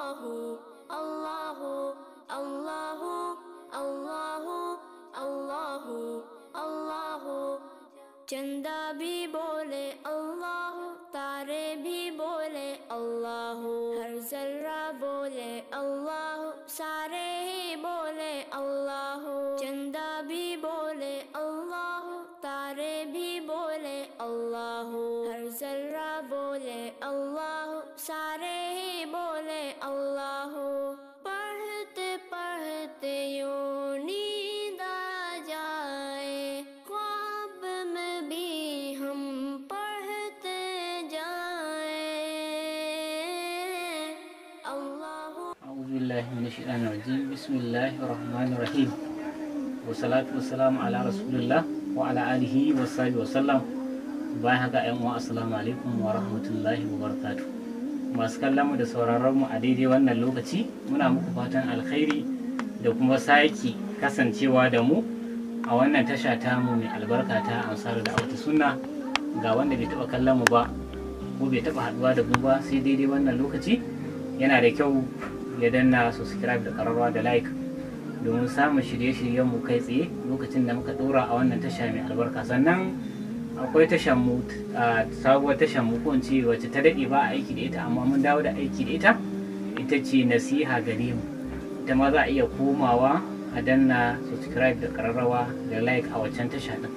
آہ اہ چند billahi min shaitan rajim bismillahir rahmanir rahim wa salatu wa salam ala rasulillah wa ala alihi wa sahbihi wa sallam bayan haka ƴan uwa assalamu alaikum wa rahmatullahi masu kallon mu da sauraron mu a daidai wannan lokaci muna muku fatan alkhairi da kuma sake kasancewa da mu a wannan tasha ta mu mai albarka ta amsar da auta sunna ga wanda bai taba kallon mu ba ko bai taba haduwa da mu ba sai daidai wannan lokaci yana da kyau ya danna subscribe da ƙararrawa da like domin samun shirye-shiryenmu kai tsaye lokacin da muka dora a wannan tasha mai albarka sannan akwai tashar mu sabuwar tashar mu ko ce wacce ta daɗe ba aiki da ita amma mun dawo da aiki da ita ita ce nasiha gare mu ita ma za a iya komawa a danna subscribe da kararrawa da like a waccan tasha din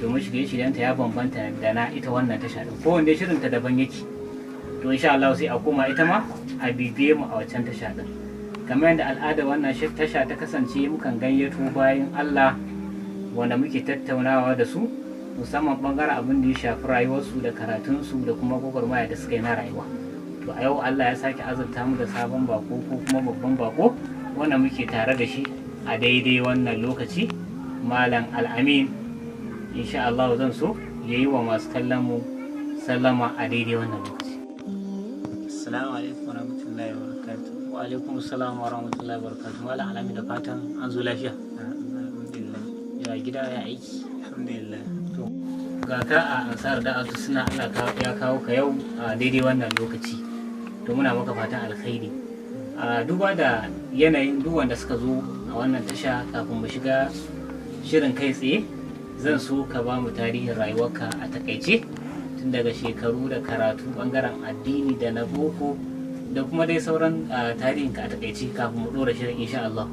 domin shirye-shiryenta ya bambanta da na ita wannan tasha din kowanne shirinta daban yake to insha Allah sai a koma ita ma a bibiye mu a wancan tasha din kamar yadda al'ada wannan tasha ta kasance mukan gayyato bayan Allah wanda muke tattaunawa da su musamman bangaren abin da ya shafi rayuwarsu da karatunsu da kuma gwagwarmaya da suka yi na rayuwa to a yau Allah ya sake azurta mu da sabon bako ko kuma babban bako wanda muke tare da shi a daidai wannan lokaci malam al'amin insha Allah zan so ya yi wa masu kallon mu sallama a daidai wannan lokaci Assalamu alaikum warahmatullahi wabarakatuh. Wa alaikum assalam warahmatullahi wabarakatuh. Wala Alami da fatan an zo lafiya. Alhamdulillah. Ya gida ya aiki. Alhamdulillah. To ga ka a ansar da azu suna Allah ya kawo ka yau a daidai wannan lokaci. To muna maka fatan alkhairi. A duba da yanayin duk wanda suka zo a wannan tasha kafin mu shiga shirin kai tsaye zan so ka ba mu tarihin rayuwarka a takaice. tun daga shekaru da karatu bangaren addini da na boko da kuma dai sauran tarihin ka a takaici kafin mu dora shirin insha Allah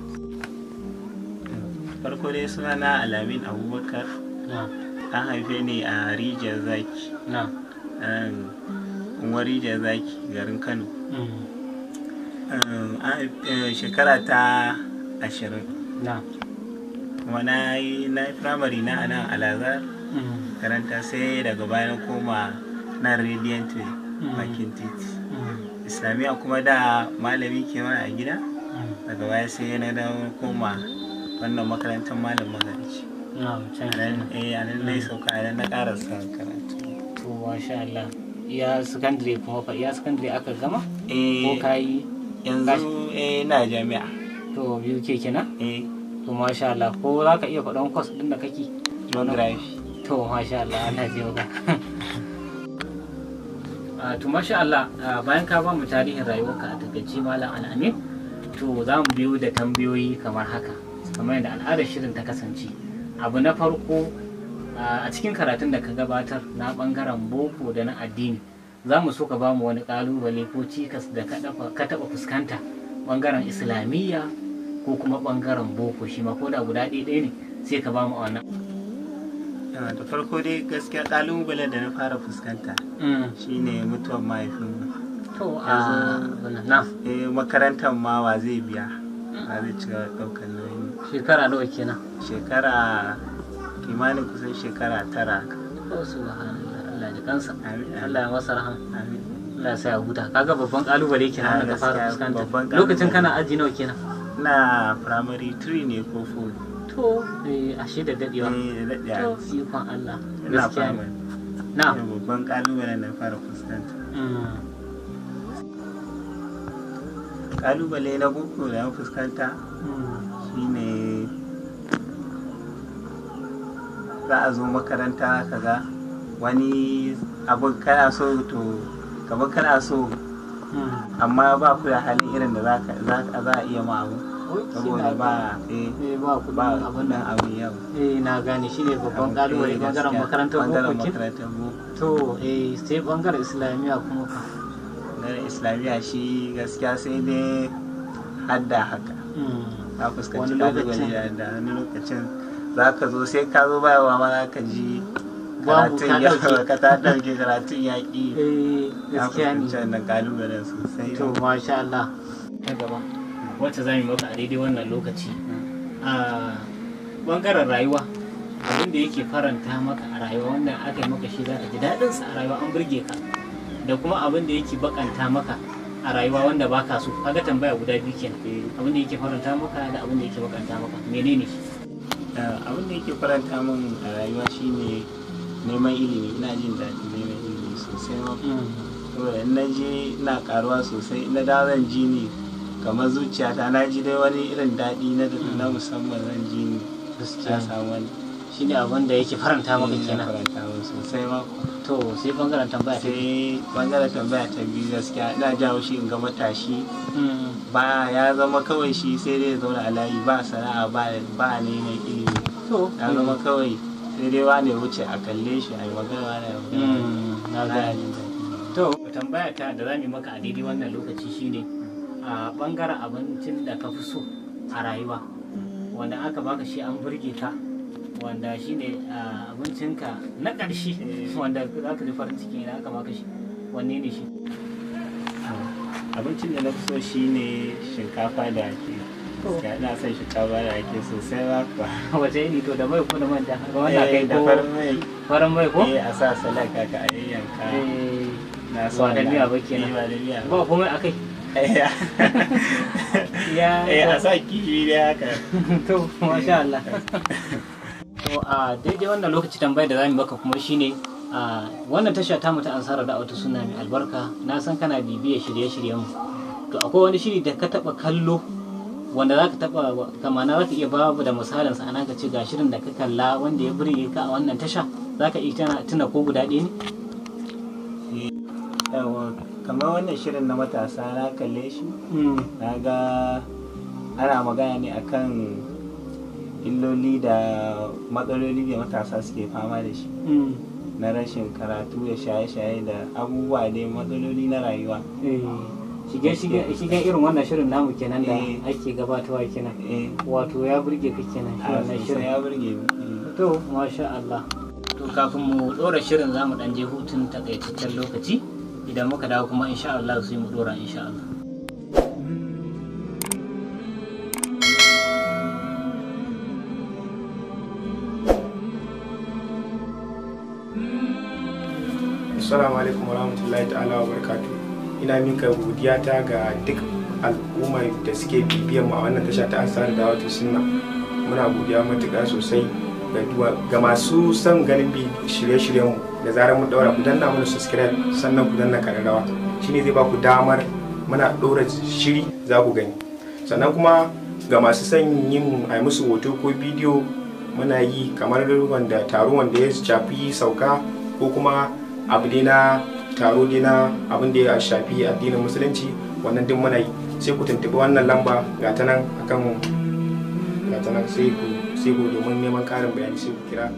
farko dai suna na alamin abubakar an haife ne a rijiyar zaki na rijiyar zaki garin kano mm. eh, shekara ta ashirin kuma na yi na firamare na anan alazar karanta sai daga baya na koma na radiant way mm. bakin titi mm. islamiyya kuma da malami ke mana a gida mm. daga baya sai na da koma wannan makarantar malam magarci a nan na eh, sauka a nan na karasa karatu to masha Allah ya secondary kuma fa ya secondary aka gama eh, ko kai yanzu eh na jami'a to biyu ke kenan eh to masha Allah ko zaka iya faɗan course din da kake geography to masha Allah Allah ya maka ah, to masha Allah ah, bayan ka ba mu tarihin rayuwarka a takaice malam al'amin to za mu biyo da tambayoyi kamar haka kamar yadda al'adar shirin ta kasance abu na farko ah, a cikin karatun da ka gabatar na bangaren boko da na addini za mu so ka ba mu wani kalubale ko cikas da ka taba fuskanta bangaren islamiyya ko kuma bangaren boko shi ma ko da guda ɗaya ne sai ka ba mu a wannan da farko dai gaskiya kalubale da na fara fuskanta mm. shine mutuwar mahaifin to a eh, makarantar ma wa zai biya ba mm. zai ci daukar nauyi shekara nawa kenan shekara kimanin kusan shekara tara ko subhanallah Allah ya kansa Allah ya masa rahama Allah ya sa ya huta kaga babban kalubale kenan ah, da ka fara fuskanta lokacin kana aji nawa kenan na primary 3 ne ko 4 to ashe da dadewa to ikon Allah gaskiya ne na babban kalubale na fara fuskanta kalubale na boko da na fuskanta shine za a zo makaranta ka ga wani abin kana so to kamar kana so amma ba ku da halin irin da za a iya ma abu saboda ba eh, eh, ba abin abin yau eh na gane shi ne babban kalubale bangaren makarantar boko to eh sai bangaren islamiyya kuma fa bangaren islamiyya shi gaskiya sai dai hadda haka hmm. a fuskanci kalubale da wani lokacin za ka zo sai ka zo bayawa ma za ka ji karatun yaƙi, ka ta karatun ya eh, fuskanci wannan sosai to masha Allah na gaba wacce za mu maka a daidai wannan lokaci a bangaren rayuwa abin da yake faranta maka a rayuwa wannan aka yi maka shi za ka ji daɗin sa a rayuwa an burge ka da kuma abin da yake bakanta maka a rayuwa wanda baka so kaga tambaya guda biyu ke abin da yake faranta maka da abin da yake bakanta maka menene shi abin da yake faranta min a rayuwa shine neman ilimi ina jin daɗin neman ilimi sosai ma kuma mm. in na je ina karuwa sosai na da zan ji ne kamar zuciyata na ji dai wani irin daɗi na na musamman zan ji ni gaskiya samu wani shi ne abin da yake faranta maka eh, kenan faranta maka sosai ma to sai bangaren tambaya ta sai bangaren tambaya ta bi gaskiya ina jawo shi in ga matashi hmm. ba ya zama kawai shi sai dai ya zauna a layi ba sana'a ba ba ne mai ilimi ya zama kawai sai dai wane wuce a kalle shi a yi magana wane magana hmm, na ga to tambaya ta da za mu maka a daidai wannan lokaci shine a bangaren abincin da ka fi so a rayuwa wanda aka baka shi an burge ka wanda shi ne abincinka na ƙarshe wanda za ka ji farin ciki idan aka baka shi wanne ne shi abincin da na fi so shi ne shinkafa da ake ya ina son shinkafa da ake sosai ba kuwa wace iri to da mai ko da man eh, da wanda kai ko farin mai ko eh a sa salaka ka ayyanka eh, na so da miya ba kenan eh, ba komai akai iya eh, iya eh, a sa kishi da haka to masha Allah to a daidai wannan lokaci tambayar da zamu baka kuma shine a wannan tasha ta mu ta ansara da auto suna mai albarka na san kana bibiya shirye-shiryen mu to akwai wani shiri da ka taba kallo wanda za ka taba kamana za ka iya babu da misalin sa ana ka ce ga shirin da ka kalla wanda ya burge ka a wannan tasha za ka iya tuna ko guda ɗaya ne? Eh, kamar wannan shirin na matasa na kalle shi hmm. na ga ana magana ne a kan illoli da matsaloli da matasa suke fama da shi hmm. na rashin karatu da shaye-shaye da abubuwa da matsaloli na rayuwa eh. shige irin wannan shirin namu kenan da eh. ake gabatarwa kenan eh. wato ya burge ka kenan shirin ah, shirin ya burge to masha Allah to kafin mu dora shirin zamu dan je hutun takaitaccen lokaci idan muka dawo kuma insha Allah sai mu dora insha Allah Assalamu alaikum rahmatullahi ta'ala wa barakatu ina minka godiya ta ga duk al'ummar da suke bibiyar mu a wannan tasha ta asar da wato sunna muna godiya matuƙa sosai ga masu son ganin shirye-shiryen mu da zarar mu daura ku danna mana subscribe sannan ku danna rawa shine zai ba ku damar muna ɗora shiri za ku gani sannan kuma ga masu son yin a musu hoto ko bidiyo muna yi kamar wanda taro wanda ya shafi sauka ko kuma abu ne na taro ne na abin da ya shafi addinin musulunci wannan duk muna yi sai ku tuntuɓi wannan lamba ga ta nan akan ga sai ku domin neman ƙarin bayani sai ku kira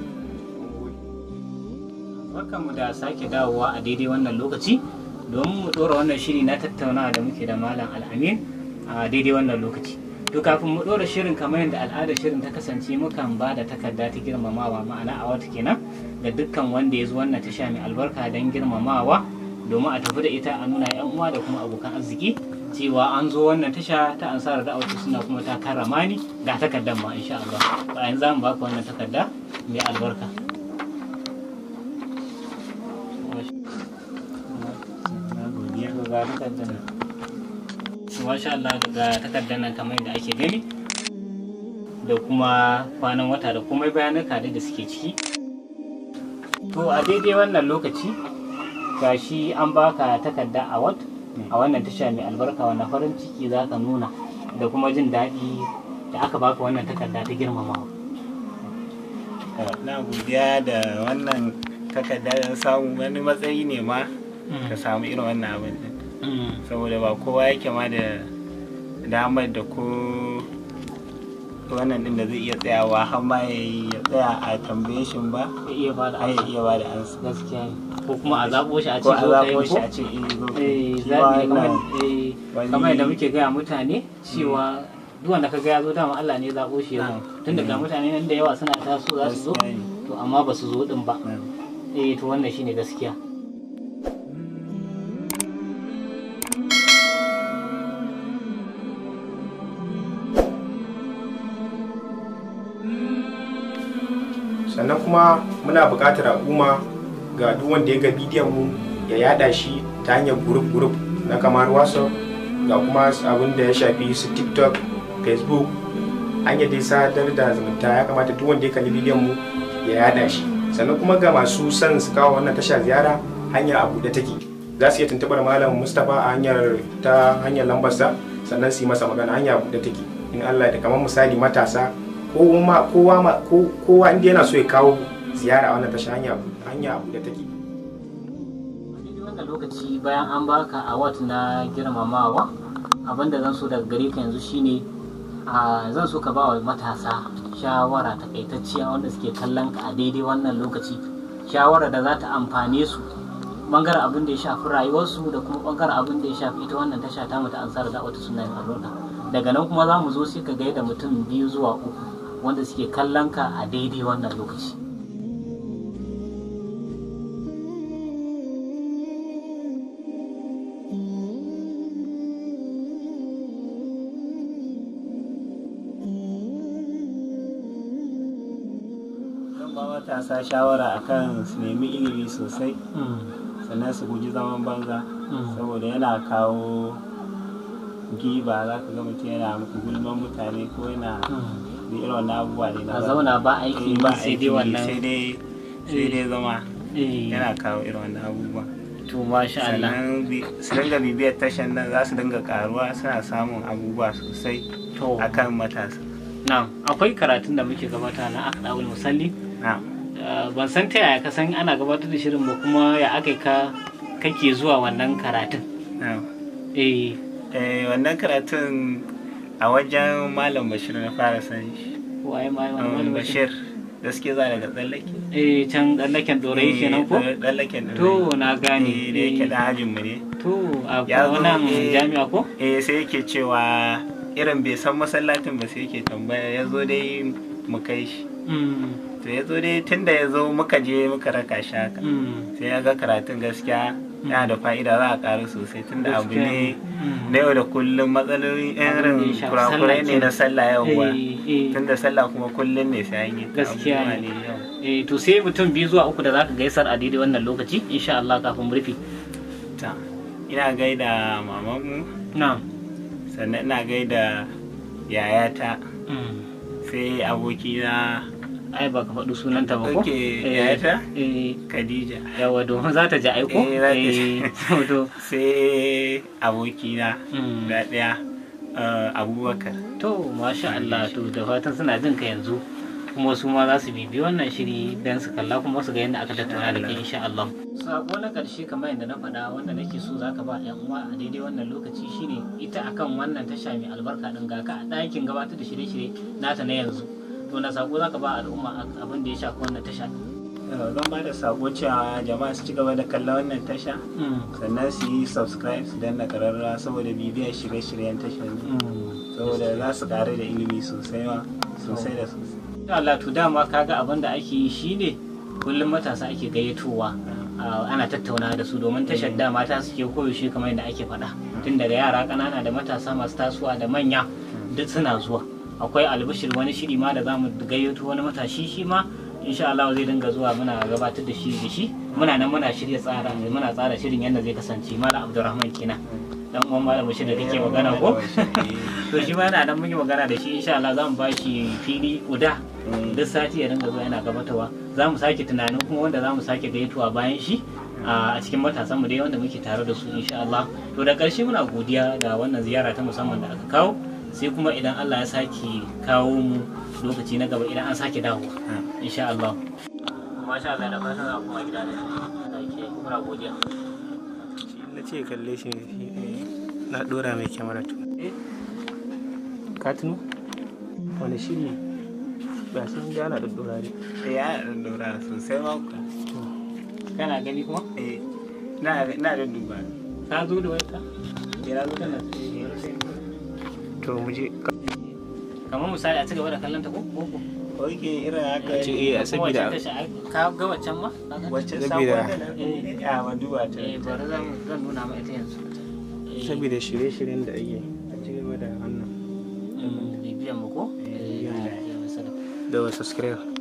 Barkanmu da sake dawowa a daidai wannan lokaci domin mu ɗora wannan shiri na tattaunawa da muke da Malam Al'amin a daidai wannan lokaci. To kafin mu ɗora shirin kamar yadda al'adar shirin ta kasance mukan ba da takarda ta girmamawa ma'ana a wata kenan ga dukkan wanda ya zo wannan tasha mai albarka don girmamawa domin a tafi da ita a nuna 'yan uwa da kuma abokan arziki cewa an zo wannan tasha ta ansar da auto suna kuma ta karrama ni ga takardar ma insha Allah bayan za mu baka wannan takarda mai albarka ga takardar Allah ga ake gani da kuma kwanan wata da komai bayanan kadi da suke ciki to a daidai wannan lokaci gashi an baka takarda a wat a wannan tasha mai albarka wannan farin ciki za ka nuna da kuma jin daɗi da aka baka wannan takarda ta girmamawa na godiya da wannan takarda da samu wani matsayi ne ma ka samu irin wannan abin saboda ba kowa yake ma da damar da ko wannan din da zai iya tsayawa har ma ya tsaya a tambaye shi ba ya iya ba da ansa da gaskiya ko kuma a zabo shi a ce ko a zabo shi a ce eh, eh zabi kamar eh kamar da muke gaya mutane cewa mm. duk wanda ka ga ya zo dama Allah ne zabo shi ya tun daga mm. mutane nan da yawa suna taso za su zo to amma ba su zo din ba eh to wannan shine gaskiya sannan kuma muna buƙatar al'umma ga duk wanda ya ga bidiyon mu ya yada shi ta hanyar gurup gurup na kamar whatsapp ga kuma abin da ya shafi su tiktok facebook hanyar dai sadar da zumunta ya kamata duk wanda ya kalli bidiyon mu ya yada shi sannan kuma ga masu son su kawo wannan tasha ziyara hanyar a buɗe take za su iya tuntuɓar malam mustapha a hanyar ta hanyar lambarsa sannan su yi masa magana hanya a buɗe take in allah da kamar misali matasa kowa kowa kowa inda yana so ya kawo ziyara a wannan tasha hanya hanya abu da take wannan lokaci bayan an baka award na girmamawa abinda zan so daga gare ka yanzu shine zan so ka ba wa matasa shawara takaitacciya wanda suke kallon ka a daidai wannan lokaci shawara da za ta amfane su bangaren abin da ya shafi rayuwarsu da kuma bangaren abin da ya shafi ita wannan tasha ta mata da wata suna yin daga nan kuma za mu zo sai ka gaida mutum biyu zuwa uku wanda suke kallon ka a daidai wannan lokaci sa shawara akan su nemi ilimi sosai sannan su guji zaman banza saboda yana kawo giba za ka ga mutum yana gulman mutane ko yana duk irin wannan abubuwa ne na zauna ba aiki eh, ba sai dai wannan sai dai sai dai eh. zama eh. yana kawo irin wannan abubuwa to masha Allah su dinga bibiyar tashan nan za su dinga karuwa suna samun abubuwa sosai akan matasa na'am akwai karatun da muke gabata na akdawul musalli na'am ban san ta yaya ka san ana gabatar da shirin ba kuma ya aka ka kake zuwa wannan karatun eh wannan karatun a wajen malam bashir na fara san shi waye malam um, bashir gaske za daga tsallake eh can tsallaken yake eh, kenan ko tsallaken dorai to na gane eh da yake eh. da hajin mu ne to a wannan eh, jami'a ko eh sai yake cewa irin bai san masallatin ba sai yake tambaya ya zo dai mu kai shi mm. to ya zo dai tunda ya zo muka je muka raka shi haka mm. sai ya ga karatun gaskiya yana da fa'ida za a ƙaru sosai tunda abu ne na yau da kullum matsaloli rin kurakurai ne na sallah yau ba eh, eh. tunda sallah kuma kullum ne sai an yi gaskiya ne eh, to sai mutum biyu zuwa uku da zaka gaisar a daidai wannan lokaci insha Allah kafin murfi ina gaida mamanmu sannan ina gaida yayata mm. sai abokina ai ba ka faɗi sunanta ba ko eh eh Khadija yawa domin za ta ji aiko eh, eh sai abokina hmm. da ɗaya eh, Abubakar to masha Allah to da fatan suna jin ka yanzu kuma su ma za su bibi wannan shiri don su kalla kuma su ga yadda aka tattauna da ke insha Allah. Sako na ƙarshe kamar yadda na faɗa wanda nake so za ka ba ‘yan uwa a daidai wannan lokaci shine ita akan wannan tasha mai albarka ɗin ga ka a ɗakin gabatar da shirye-shirye nata na yanzu. to na sako zaka ba al'umma abin da ya shafi wannan tasha eh, zan ba da sako cewa jama'a su ci gaba da kallon wannan tasha hmm. sannan su yi subscribe su danna kararra saboda bibiyar shirye-shiryen ne hmm. saboda za su ƙare da ilimi sosai ma sosai da sosai Allah to dama kaga abin da ake yi shi ne kullum matasa ake gayyatowa ana tattauna da su domin tashar hmm. da mata suke koyaushe kamar yadda ake faɗa tun daga yara ƙanana da matasa masu tasowa da manya duk suna zuwa akwai albishir wani shiri ma da zamu gayyato wani matashi shi ma insha Allah zai dinga zuwa muna gabatar da shi da shi muna nan muna shirya tsara muna tsara shirin yadda zai kasance mala Abdulrahman kenan dan uwan malam bashir da kake magana ko eh. to shi ma yana nan mun magana da shi insha Allah zamu ba shi fili guda mm. duk sati ya dinga zuwa yana gabatarwa zamu Zamu sake tunanin kuma wanda zamu sake gayyatuwa bayan shi a cikin matasan mu dai wanda muke tare da su insha Allah to da karshe muna godiya da wannan ziyara ta musamman da aka kawo sai kuma idan Allah ya sake kawo mu lokaci na gaba idan an sake dawo hmm. insha Allah masha Allah da fatan za kuma gida da ke kuna godiya na ce kalle shi eh, na dora mai kyamara tu eh? ka tuno wani shiri ba sun ga ana dora ne eh ana daddora sosai ma ku hmm. kana gani kuma eh na na da duba ka zo da wata eh na zo kana to mu je kamar misali a cigaba da kallon ta ko ko yake irin haka ce eh a saboda ka ga waccan ma waccan sabon da saboda eh, eh, a maduba ta eh bari zan zan nuna ma ita yanzu eh. saboda shirye-shiryen da ake a cigaba da hannu wannan bibiyan mu ko da subscribe